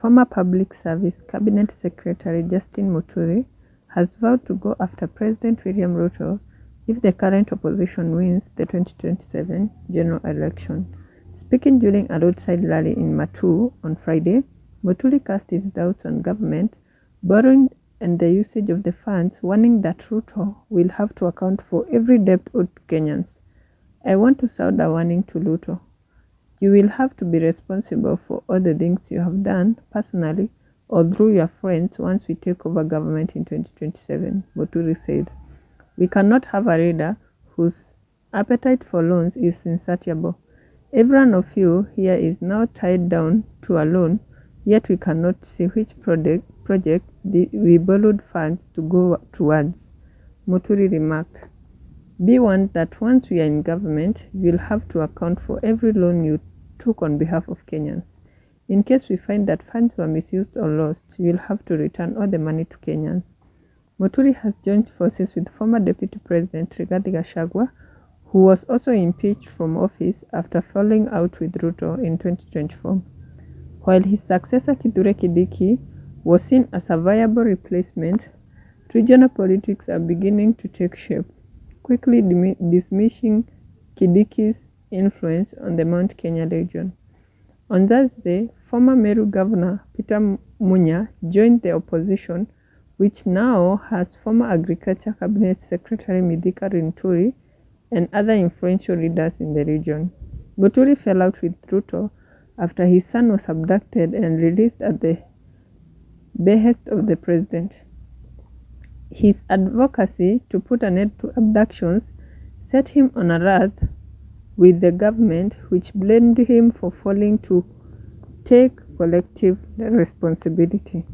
Former Public Service Cabinet Secretary Justin Muturi has vowed to go after President William Ruto if the current opposition wins the 2027 general election. Speaking during a roadside rally in Matu on Friday, Muturi cast his doubts on government, borrowing and the usage of the funds, warning that Ruto will have to account for every debt owed to Kenyans. I want to sound a warning to Ruto. You will have to be responsible for all the things you have done, personally or through your friends, once we take over government in 2027, Boturi said. We cannot have a leader whose appetite for loans is insatiable. Every one of you here is now tied down to a loan, yet we cannot see which project project the, we borrowed funds to go towards, Moturi remarked. Be warned that once we are in government, you will have to account for every loan you took on behalf of Kenyans. In case we find that funds were misused or lost, we will have to return all the money to Kenyans. Muturi has joined forces with former Deputy President Rigathi Gachagua, who was also impeached from office after falling out with Ruto in 2024. While his successor Kithure Kindiki was seen as a viable replacement, regional politics are beginning to take shape, quickly dismissing Kidiki's influence on the Mount Kenya region. On Thursday, former Meru Governor Peter Munya joined the opposition, which now has former Agriculture Cabinet Secretary Midhika Rinturi and other influential leaders in the region. Muturi fell out with Ruto after his son was abducted and released at the behest of the president. His advocacy to put an end to abductions set him on a wrath. with the government, which blamed him for failing to take collective responsibility